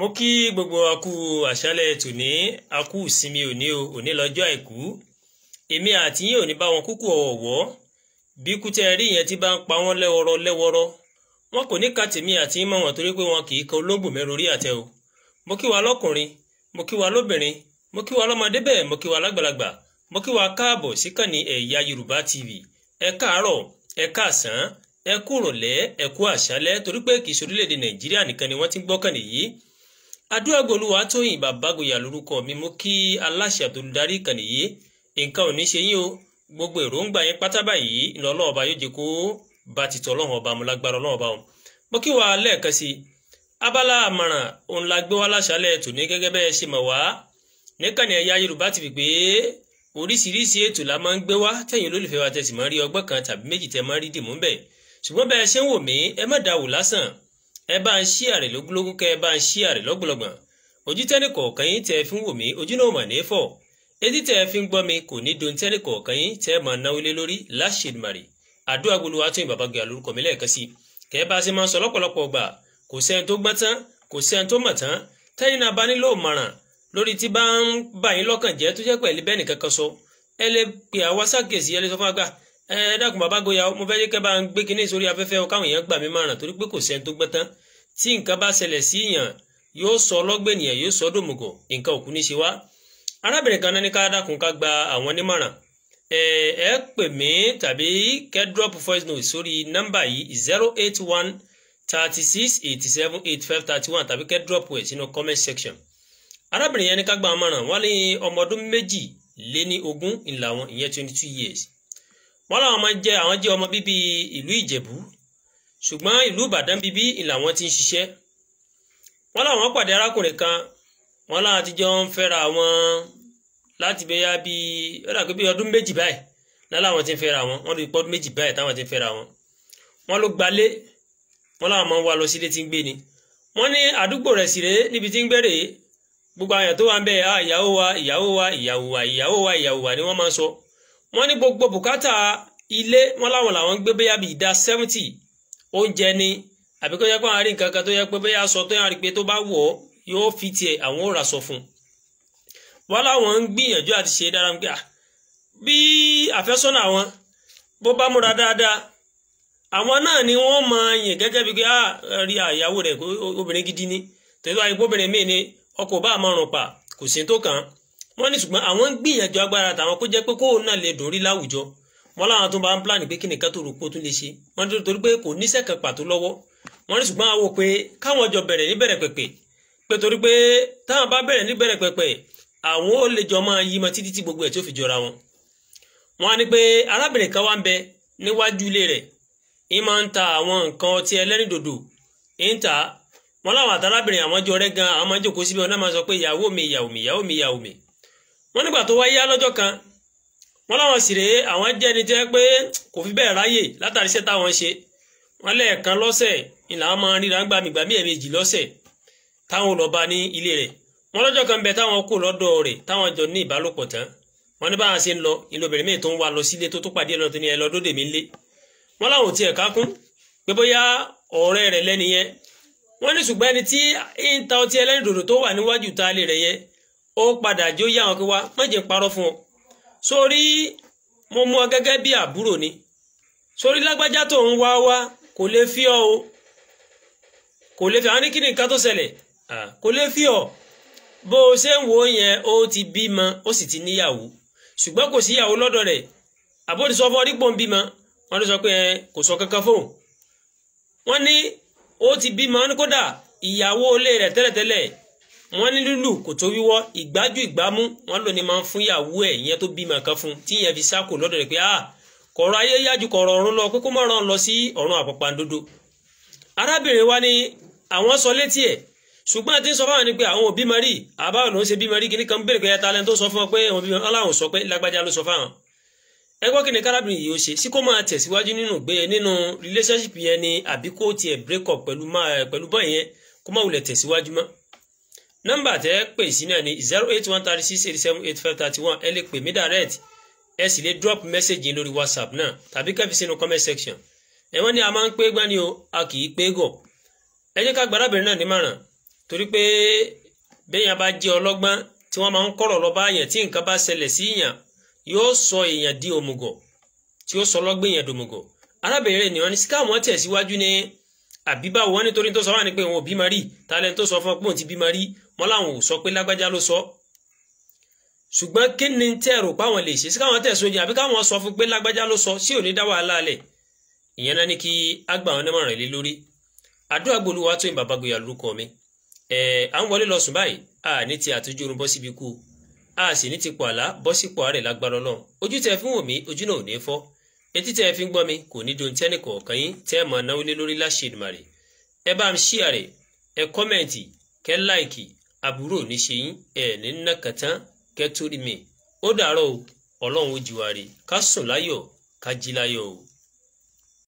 mo kí gbogbo akú àṣálẹ́ tòní akú ìsinmi òní o òní lọ́jọ́ àìkú èmi àti yín ò ní bá wọn kúkú ọ̀wọ̀ bí kútẹ rí yẹn ti bá ń pa wọn lẹ́wọ̀rọ̀ lẹ́wọ̀rọ̀ wọn kò ní ka tèmi àti yín mọ́ wọn torí pé wọn kì í kan olóògùn mẹ́rin orí àtẹ o mo kí wa lọ́kùnrin mo kí wa lóbìnrin mo kí wa lọ́mọdé bẹ́ẹ̀ mo kí wa lágbàlagbà mo kí wa káàbọ̀ síkànnì ẹ̀yà Yorùbá TV ẹ káàárọ̀ ẹ káàsán ẹ kúrọ̀lẹ́ ẹ kú àṣálẹ́ torí pé kì í Nàìjíríà nìkan ni wọ́n ti ń gbọ́kàn nìyí adúlágbòlúwa tóyìn bàbágòyà lórúkọ mi mú kí aláṣà tó ń darí ìkànnì yìí nǹkan ò ní ṣe yín o gbogbo èròǹgbà yín pátá báyìí ìlọlọ́ọ̀ba yóò jẹ́ kó bá ti tọ́ ọlọ́run ọba mu lágbára ọlọ́run ọba òun mo kí wa lẹ́ẹ̀kan sí i abala àmọ̀ràn òun la gbé wá láṣálẹ̀ tòní gẹ́gẹ́ bẹ́ẹ̀ ṣe mọ̀ wá níkànnì ẹ̀yà yorùbá ti fi pé oríṣiríṣi ètò la máa ń gbé wá tẹ̀yìn olólùfẹ́ wa tẹ̀sí máa ń rí ọgbọ́n kan tàbí méjì tẹ̀ máa ń rí dìmú bẹ́ẹ̀ ṣùgbọ́n bẹ́ẹ̀ ṣe ń wò mí ẹ má dáwò lásán ẹ bá ń ṣí àrè lógúnlógún kẹ ẹ bá ń ṣí àrè lọ́gbọ̀lọ́gbọ̀n ojú tẹ́nì kọ̀ọ̀kan yín tẹ́ ẹ fi ń wò mí ojú náà mà ní fọ̀ etí tẹ́ ẹ fi ń gbọ́ mi kò ní don tẹ́nì kọ̀ọ̀kan yín tẹ́ ẹ máa náwó lé lórí láṣẹ̀dùmàrè àdúrà gbolo atún ìbàbá gbé alórúkọ mi lẹ́ẹ̀kan sí kẹ ẹ bá ṣe máa sọ lọ́pọ̀lọpọ̀ gbà kò sẹ́ni tó gbọ́n tán kò sẹ́ni tó mọ̀ tán tẹ́yìn náà bá nílò ìmọ̀ràn lórí tí bá ń bà yín lọ́kàn jẹ́ tó jẹ́ pẹ̀lú bẹ́ẹ̀ nìkan sọ ẹ lè pè àwa sákèsí ẹ lè sọ fún agbá ẹ dákun bàbá goya mo fẹ́ jẹ́ kẹ́ bá ń gbé kinní sórí afẹ́fẹ́ o káwọn èèyàn gbà mí márùn torí pé kò sẹ́ni tó gbẹ́ tán tí nǹkan bá ṣẹlẹ̀ sí yàn yóò sọ ọlọ́gbẹ́ nìyẹn yóò sọ dòmùgọ̀ nǹkan òkú ní ṣe wá arábìnrin kan náà dákun ká gba àwọn onímọ̀ràn ẹ pè mí tàbí kẹ́ drop voice note sórí nọ́mbà yìí zero eight one thirty six eighty seven eight five thirty one tàbí kẹ́ drop ẹ̀ sínú comment section arábìnrin yẹn ní ká gba àmọ̀ràn wọ́n ní ọmọ ọdún méjì lé twenty two years wọ́n láwọn máa jẹ́ àwọn jẹ́ ọmọ bíbí ìlú ìjẹ̀bú ṣùgbọ́n ìlú ìbàdàn bíbí làwọn ti ń ṣiṣẹ́ wọ́n láwọn pàdé arákùnrin kan wọ́n láwọn ti jọ ń fẹ́ra wọn láti bẹ́yà bíi ó dà pé bíi ọdún méjì báyìí láláwọn ti ń fẹ́ra wọn wọ́n lè pọ́ ọdún méjì báyìí táwọn ti ń fẹ́ra wọn wọ́n ló gbalé wọ́n láwọn máa ń wá lọ sílé tí ń gbé ni wọ́n ní àdúgbò rẹ̀ sì rèé níbi tí ń gbé gbogbo àyàn tó wà ń bẹ ah, ìyàwó wa ìyàwó wa ìyàwó wa ìyàwó wa ìyàwó wa ni wọ́n máa ń sọ wọ́n ní gbogbo bùkátà ile wọn láwọn làwọn gbé bóyá bíi ìdá seventy oúnjẹ ni àbí kó yẹ kó àwọn rí tó yẹ pé bóyá sọ tó tó bá fi tiẹ̀ àwọn ò rà sọ fún un wọn láwọn ń gbìyànjú àti ṣe dára bí àfẹsọnà wọn bó dáadáa àwọn náà ni wọ́n máa yìn gẹ́gẹ́ bíi a rí àyàwó rẹ̀ obìnrin gidi ni tẹ̀lé wáyé obìnrin míì ni ọkọ̀ bá máa rùn pa kò sí tó kàn ní àwọn ń gbìyànjú wọ́n láwọn tó bá ń plan pé kí nìkan tó rò pé ó tún lè ṣe wọ́n tó torí pé kò níṣẹ́ kan pàtó lọ́wọ́ wọ́n ní ṣùgbọ́n àwọn pé káwọn jọ bẹ̀rẹ̀ ní bẹ̀rẹ̀ pẹ̀pẹ̀ pé torí pé táwọn bá bẹ̀rẹ̀ ní bẹ̀rẹ̀ pẹ̀pẹ̀ àwọn ó lè jọ máa yí mọ títí tí gbogbo ẹ̀ tí ó fi jọra wọn. wọ́n á ní pé arábìnrin kan wá ń bẹ níwájú ilé rẹ̀ ń máa ń ta àwọn nǹkan ọtí ẹlẹ́rìndòdò ń ta wọ́n láwọn àtàrábìnrin àwọn jọ rẹ́ gan àwọn máa ń jókòó síbẹ̀ wọn náà máa sọ pé ìyàwó mi ìyàwó mi ìyàwó mi ìyàwó nígbà tó wáyé lọ́jọ́ kan wọ́n láwọn sì rèé àwọn jẹ́ ẹni tẹ́ pé kò fi bẹ́ẹ̀ ráyè látàrí iṣẹ́ táwọn ṣe wọ́n lẹ́ẹ̀kan lọ́sẹ̀ ni làwọn máa ríra ń gbà mí gbà mí ẹ̀ẹ̀mejì lọ́sẹ̀ táwọn lọ bá ní ilé rẹ̀ wọ́n lọ́jọ́ kan bẹ táwọn kò lọ́dọ̀ rẹ̀ táwọn jọ ní ìbálòpọ̀ tán wọ́n ní báwọn ṣe ń lọ ilé obìnrin míì tó ń wá lọ sílé tó tó pàdé ẹlọ́tò ní ẹlọ́dọ́dẹ mi lé wọ́n láwọn ò tiẹ̀ kákún pé bóyá ọ̀rẹ́ rẹ̀ lẹ́niyẹn wọ́n ní ṣùgbọ́n ẹni tí ń ta ọtí ẹlẹ́rìndòdò tó wà níwájú ta lè rẹ̀ yẹn ó padà jó yá wọn pé wá má parọ́ fún ọ sórí mo mú ọ gẹ́gẹ́ bí àbúrò ni sórí lágbájá tó ń wá wá kò lè fi ọ o kò lè fi àwọn oníkìní nǹkan tó ṣẹlẹ̀ kò lè fi ọ bó o ṣe ń wò ó yẹn ó ti bímọ ó sì ti níyàwó ṣùgbọ́n kò síyàwó lọ́dọ̀ rẹ̀ àbóòdì sọ fún onípò ń bímọ wọn ló sọ pé kò sọ kankan fóun wọn ní ó ti bímọ ní kódà ìyàwó ilé rẹ̀ tẹ́lẹ̀tẹ́lẹ̀ wọ́n ní lùlù kò tó wíwọ́ ìgbájú ìgbámú wọ́n lò ní máa ń fún ìyàwó ẹ̀ ìyẹn tó bímọ kan fún tí ìyẹn fi sáko lọ́dọ̀ rẹ̀ pé a ah, kọ̀rọ̀ ayé yájú kọ̀rọ̀ ọ̀run lọ kókó mọ́ ràn lọ sí ọ̀run àpàpàǹdodo. arábìnrin wa ni àwọn sọ létí ẹ̀ ṣùgbọ́n àti sọ fáwọn ni pé àwọn ò bímọ rí àbáwò ló ń ṣe bímọ rí kíní kan bèrè pé ẹta tó sọ fún ọ pé àwọn bímọ aláwọn sọ pé lágbájá ló sọ fáwọn. ẹ gbọ́ kí ni kárábìnrin yìí ó ṣe sí kó máa tẹ̀síwájú nínú gbé nínú relationship ni àbí break up pẹ̀lú bọ́ọ̀ yẹn kó má wulẹ̀ tẹ̀síwájú nọ́mbà tẹ́ pè sí náà ni zero eight one thirty six eighty seven eight five thirty one ẹ lè pè mí direct ẹ sì lè drop message yín lórí whatsapp náà tàbí kẹ́fi sínú comment section ẹ wọ́n ní a máa ń pé gbani o a kì í pé gọ̀ ẹ jẹ́ ká gbàdábìnrin náà nímọ̀ràn torí pé bẹ́yàn bá jẹ́ ọlọ́gbọ́n tí wọ́n máa ń kọ̀rọ̀ lọ bá yàn tí nǹkan bá ṣẹlẹ̀ sí yàn yóò sọ èèyàn di òmùgọ̀ tí ó sọ ọlọ́gbìn yàn dòmùgọ̀ arábìnrin ni wọ́n ní síkà wọ́n tẹ̀síwájú ní. Si àbí báwo wọn nítorí tó sọ wà ní pé wọn ò bímọ rí talẹ̀ tó sọ fún ọ pé òun ti bímọ rí wọn làwọn ò sọ pé lágbájá ló sọ ṣùgbọ́n kí ni tẹ́ rò páwọn lè ṣe sí káwọn tẹ̀ sójú àbí káwọn sọ fún pé lágbájá ló sọ sí òní dá wàhálà alẹ̀ ìyẹn náà ni kí àgbà wọn nímọ̀ràn lé lórí àdúrà gbolúwa tó yin bàbá gboyà lórúkọ mi ẹ̀ à ń wọlé lọ sùn báyìí a ní ti àtúnjú orun bọ́ síbi kú a sì ní ti pọ̀ àlá sípò àárẹ̀ lágbára ọlọ́run ojú tẹ fún wòmí ojú náà ò ní fọ́ etí tẹ́ ẹ fi ń gbọ́ mi kò ní dùn tẹ́nì kọ̀ọ̀kan yín tẹ́ ẹ máa náwó lé lórí láṣẹ Èdùmàrè ẹ bá ń ṣíà rẹ̀ ẹ kọ́mẹ̀ǹtì kẹ́ láìkì àbúrò ní ṣe yín ẹ ní nàkàn tán kẹ́ tó rí mi ó dàárọ̀ ọlọ́run ó jìwà rè ká sùn láyọ̀ ká jí láyọ̀ o.